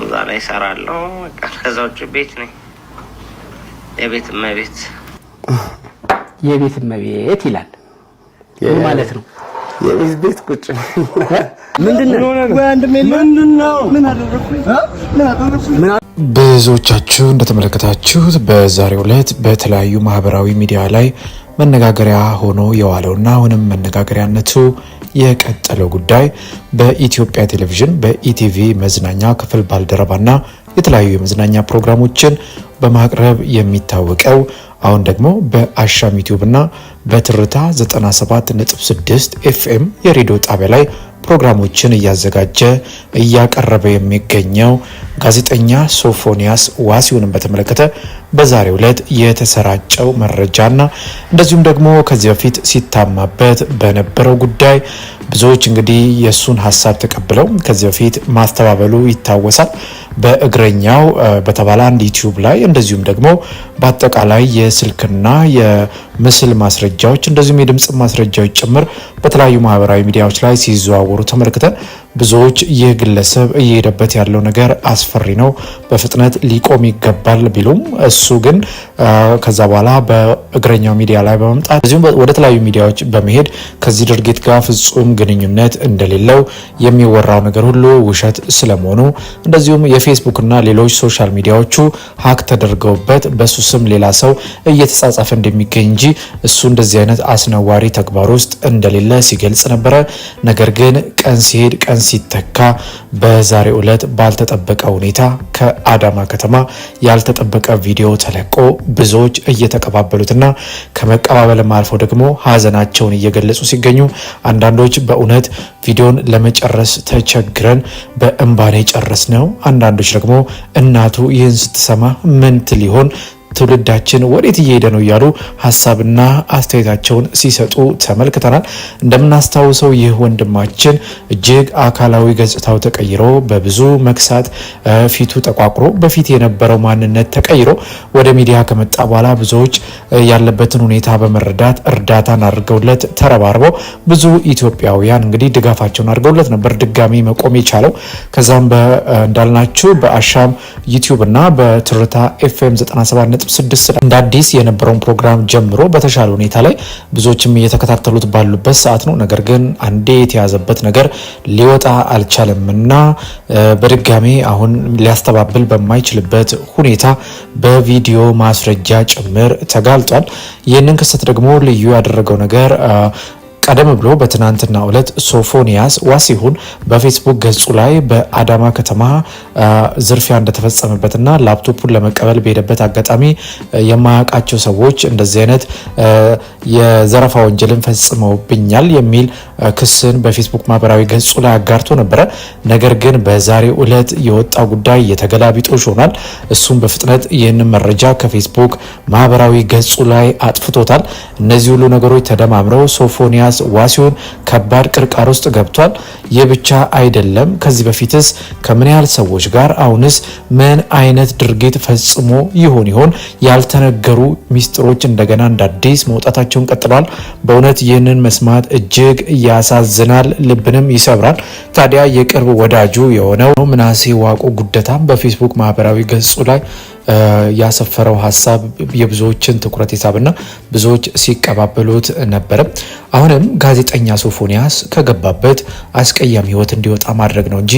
እዛ ላይ እሰራለሁ። ከዛ ውጭ ቤት ነኝ። የቤት እመቤት የቤት እመቤት ይላል ማለት ነው። የቤት ቤት ቁጭ ብዙዎቻችሁ እንደተመለከታችሁት በዛሬው ዕለት በተለያዩ ማህበራዊ ሚዲያ ላይ መነጋገሪያ ሆኖ የዋለውና አሁንም መነጋገሪያነቱ የቀጠለው ጉዳይ በኢትዮጵያ ቴሌቪዥን በኢቲቪ መዝናኛ ክፍል ባልደረባና የተለያዩ የመዝናኛ ፕሮግራሞችን በማቅረብ የሚታወቀው አሁን ደግሞ በአሻም እና በትርታ 97.6 ኤፍኤም የሬዲዮ ጣቢያ ላይ ፕሮግራሞችን እያዘጋጀ እያቀረበ የሚገኘው ጋዜጠኛ ሶፎንያስ ዋሲሁንን በተመለከተ በዛሬው ዕለት የተሰራጨው መረጃና እንደዚሁም ደግሞ ከዚህ በፊት ሲታማበት በነበረው ጉዳይ ብዙዎች እንግዲህ የእሱን ሀሳብ ተቀብለው ከዚህ በፊት ማስተባበሉ ይታወሳል። በእግረኛው በተባለ አንድ ዩቲዩብ ላይ እንደዚሁም ደግሞ በአጠቃላይ የስልክና የምስል ማስረጃዎች እንደዚሁም የድምፅ ማስረጃዎች ጭምር በተለያዩ ማህበራዊ ሚዲያዎች ላይ ሲዘዋወሩ ተመልክተን ብዙዎች ይህ ግለሰብ እየሄደበት ያለው ነገር አስፈሪ ነው፣ በፍጥነት ሊቆም ይገባል ቢሉም እሱ ግን ከዛ በኋላ በእግረኛው ሚዲያ ላይ በመምጣት እዚሁም ወደ ተለያዩ ሚዲያዎች በመሄድ ከዚህ ድርጊት ጋር ፍጹም ግንኙነት እንደሌለው የሚወራው ነገር ሁሉ ውሸት ስለመሆኑ እንደዚሁም የፌስቡክና ሌሎች ሶሻል ሚዲያዎቹ ሀክ ተደርገውበት በሱ ስም ሌላ ሰው እየተጻጻፈ እንደሚገኝ እንጂ እሱ እንደዚህ አይነት አስነዋሪ ተግባር ውስጥ እንደሌለ ሲገልጽ ነበረ። ነገር ግን ቀን ሲሄድ ቀን ሲተካ በዛሬ ዕለት ባልተጠበቀ ሁኔታ ከአዳማ ከተማ ያልተጠበቀ ቪዲዮ ተለቆ ብዙዎች እየተቀባበሉትና ከመቀባበልም አልፎ ደግሞ ሀዘናቸውን እየገለጹ ሲገኙ አንዳንዶች በእውነት ቪዲዮን ለመጨረስ ተቸግረን በእንባኔ ጨረስ ነው። አንዳንዶች ደግሞ እናቱ ይህን ስትሰማ ምንት ሊሆን ትውልዳችን ወዴት እየሄደ ነው እያሉ ሀሳብና አስተያየታቸውን ሲሰጡ ተመልክተናል። እንደምናስታውሰው ይህ ወንድማችን እጅግ አካላዊ ገጽታው ተቀይሮ በብዙ መክሳት ፊቱ ተቋቁሮ በፊት የነበረው ማንነት ተቀይሮ ወደ ሚዲያ ከመጣ በኋላ ብዙዎች ያለበትን ሁኔታ በመረዳት እርዳታን አድርገውለት ተረባርበው ብዙ ኢትዮጵያውያን እንግዲህ ድጋፋቸውን አድርገውለት ነበር ድጋሚ መቆም የቻለው። ከዛም እንዳልናችሁ በአሻም ዩቲዩብ እና በትርታ ኤፍኤም 97 ስድስት እንደ አዲስ የነበረውን ፕሮግራም ጀምሮ በተሻለ ሁኔታ ላይ ብዙዎችም እየተከታተሉት ባሉበት ሰዓት ነው። ነገር ግን አንዴ የተያዘበት ነገር ሊወጣ አልቻለም እና በድጋሜ አሁን ሊያስተባብል በማይችልበት ሁኔታ በቪዲዮ ማስረጃ ጭምር ተጋልጧል። ይህንን ክስተት ደግሞ ልዩ ያደረገው ነገር ቀደም ብሎ በትናንትና ዕለት ሶፎንያስ ዋሲሁን በፌስቡክ ገጹ ላይ በአዳማ ከተማ ዝርፊያ እንደተፈጸመበትና ላፕቶፑን ለመቀበል በሄደበት አጋጣሚ የማያውቃቸው ሰዎች እንደዚህ አይነት የዘረፋ ወንጀልን ፈጽመውብኛል የሚል ክስን በፌስቡክ ማህበራዊ ገጹ ላይ አጋርቶ ነበረ። ነገር ግን በዛሬው ዕለት የወጣ ጉዳይ የተገላቢጦሽ ሆኗል። እሱም በፍጥነት ይህንን መረጃ ከፌስቡክ ማህበራዊ ገጹ ላይ አጥፍቶታል። እነዚህ ሁሉ ነገሮች ተደማምረው ሶፎንያስ ዋሲሁን ከባድ ቅርቃር ውስጥ ገብቷል። ይህ ብቻ አይደለም። ከዚህ በፊትስ ከምን ያህል ሰዎች ጋር አሁንስ ምን አይነት ድርጊት ፈጽሞ ይሆን ይሆን? ያልተነገሩ ሚስጥሮች እንደገና እንዳዲስ መውጣታቸውን ቀጥሏል። በእውነት ይህንን መስማት እጅግ ያሳዝናል፣ ልብንም ይሰብራል። ታዲያ የቅርብ ወዳጁ የሆነው ምናሴ ዋቁ ጉደታም በፌስቡክ ማህበራዊ ገጹ ላይ ያሰፈረው ሀሳብ የብዙዎችን ትኩረት የሳብና ብዙዎች ሲቀባበሉት ነበረ። አሁንም ጋዜጠኛ ሶፎንያስ ከገባበት አስቀያሚ ህይወት እንዲወጣ ማድረግ ነው እንጂ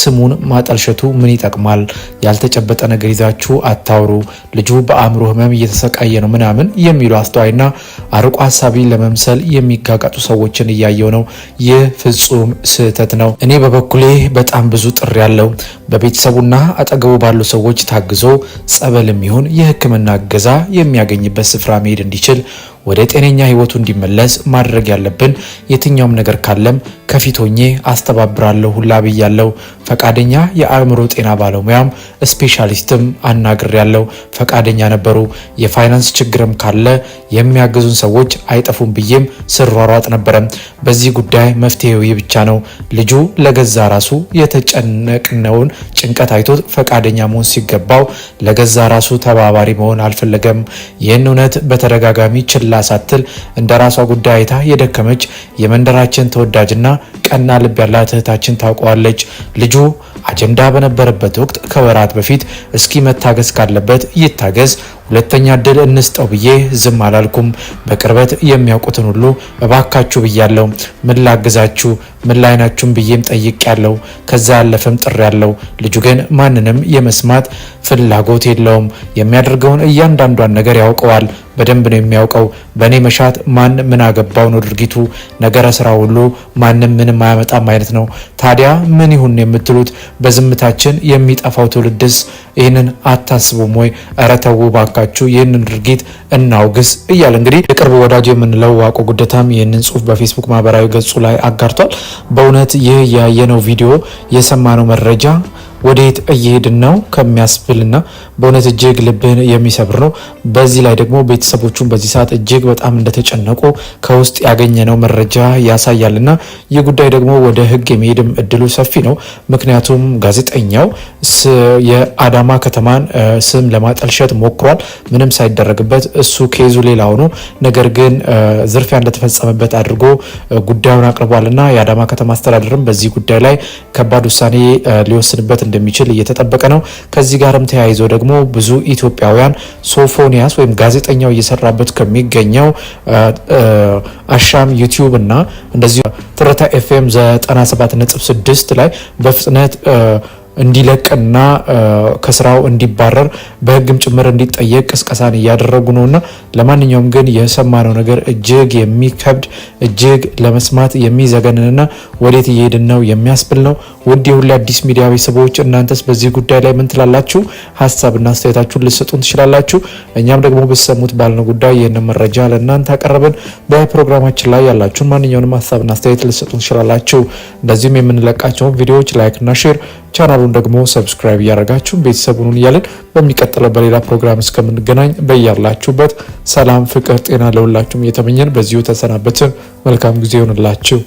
ስሙን ማጠልሸቱ ምን ይጠቅማል? ያልተጨበጠ ነገር ይዛችሁ አታውሩ፣ ልጁ በአእምሮ ህመም እየተሰቃየ ነው ምናምን የሚሉ አስተዋይና አርቆ ሀሳቢ ለመምሰል የሚጋጋጡ ሰዎችን እያየው ነው። ይህ ፍጹም ስህተት ነው። እኔ በበኩሌ በጣም ብዙ ጥሪ ያለው በቤተሰቡና አጠገቡ ባሉ ሰዎች ታግዞ ጸበልም ይሁን የሕክምና እገዛ የሚያገኝበት ስፍራ መሄድ እንዲችል ወደ ጤነኛ ህይወቱ እንዲመለስ ማድረግ ያለብን የትኛውም ነገር ካለም ከፊት ሆኜ አስተባብራለሁ ሁላ ብያለሁ። ፈቃደኛ የአእምሮ ጤና ባለሙያም ስፔሻሊስትም አናግር ያለው ፈቃደኛ ነበሩ። የፋይናንስ ችግርም ካለ የሚያግዙን ሰዎች አይጠፉም ብዬም ስሯሯጥ ነበረም። በዚህ ጉዳይ መፍትሄው ይህ ብቻ ነው። ልጁ ለገዛ ራሱ የተጨነቅነውን ጭንቀት አይቶት ፈቃደኛ መሆን ሲገባው ለገዛ ራሱ ተባባሪ መሆን አልፈለገም። ይህን እውነት በተደጋጋሚ ችላ ችላ ሳትል እንደ ራሷ ጉዳይ አይታ የደከመች የመንደራችን ተወዳጅና ቀና ልብ ያላት እህታችን ታውቀዋለች። ልጁ አጀንዳ በነበረበት ወቅት ከወራት በፊት እስኪ መታገስ ካለበት ይታገስ ሁለተኛ እድል እንስጠው ብዬ ዝም አላልኩም። በቅርበት የሚያውቁትን ሁሉ እባካችሁ ብያለው። ምን ላግዛችሁ፣ ምን ላይናችሁም ብዬም ጠይቅ ያለው ከዛ ያለፈም ጥሪ ያለው ልጁ ግን ማንንም የመስማት ፍላጎት የለውም። የሚያደርገውን እያንዳንዷን ነገር ያውቀዋል። በደንብ ነው የሚያውቀው። በእኔ መሻት ማን ምን አገባው ነው ድርጊቱ። ነገረ ስራ ሁሉ ማንም ምንም አያመጣም አይነት ነው። ታዲያ ምን ይሁን የምትሉት? በዝምታችን የሚጠፋው ትውልድስ ይህንን አታስቡም ወይ? እረ ተው ባካ እባካችሁ ይህንን ድርጊት እናውግስ እያለ እንግዲህ የቅርብ ወዳጅ የምንለው ዋቆ ጉደታም ይህንን ጽሁፍ በፌስቡክ ማህበራዊ ገጹ ላይ አጋርቷል። በእውነት ይህ ያየነው ቪዲዮ የሰማነው መረጃ ወዴት እየሄድን ነው ከሚያስብልና በእውነት እጅግ ልብን የሚሰብር ነው። በዚህ ላይ ደግሞ ቤተሰቦቹን በዚህ ሰዓት እጅግ በጣም እንደተጨነቁ ከውስጥ ያገኘነው መረጃ ያሳያልና ይህ ጉዳይ ደግሞ ወደ ህግ የሚሄድም እድሉ ሰፊ ነው። ምክንያቱም ጋዜጠኛው የአዳማ ከተማን ስም ለማጠልሸት ሞክሯል። ምንም ሳይደረግበት እሱ ኬዙ ሌላ ሆኖ፣ ነገር ግን ዝርፊያ እንደተፈጸመበት አድርጎ ጉዳዩን አቅርቧልና የአዳማ ከተማ አስተዳደርም በዚህ ጉዳይ ላይ ከባድ ውሳኔ ሊወስንበት እንደሚችል እየተጠበቀ ነው። ከዚህ ጋርም ተያይዞ ደግሞ ብዙ ኢትዮጵያውያን ሶፎኒያስ ወይም ጋዜጠኛው እየሰራበት ከሚገኘው አሻም ዩቲዩብ እና እንደዚሁ ትረታ ኤፍኤም 97.6 ላይ በፍጥነት እንዲለቅና ከስራው እንዲባረር በህግም ጭምር እንዲጠየቅ ቅስቀሳን እያደረጉ ነውና፣ ለማንኛውም ግን የሰማነው ነገር እጅግ የሚከብድ እጅግ ለመስማት የሚዘገንንና ወዴት እየሄድን ነው የሚያስብል ነው። ውድ የሁሌ አዲስ ሚዲያ ቤተሰቦች እናንተስ በዚህ ጉዳይ ላይ ምን ትላላችሁ? ሀሳብና አስተያየታችሁን ልሰጡን ትችላላችሁ። እኛም ደግሞ ብሰሙት ባልነው ጉዳይ ይህን መረጃ ለእናንተ አቀረብን። በፕሮግራማችን ላይ ያላችሁን ማንኛውንም ሀሳብና አስተያየት ልሰጡን ትችላላችሁ። እንደዚሁም የምንለቃቸውን ቪዲዮዎች ላይክና ሼር ቻናሉን ደግሞ ሰብስክራይብ እያደረጋችሁ ቤተሰቡን እያለን በሚቀጥለው በሌላ ፕሮግራም እስከምንገናኝ በያላችሁበት ሰላም፣ ፍቅር፣ ጤና ለሁላችሁም እየተመኘን በዚሁ ተሰናበትን። መልካም ጊዜ ይሆንላችሁ።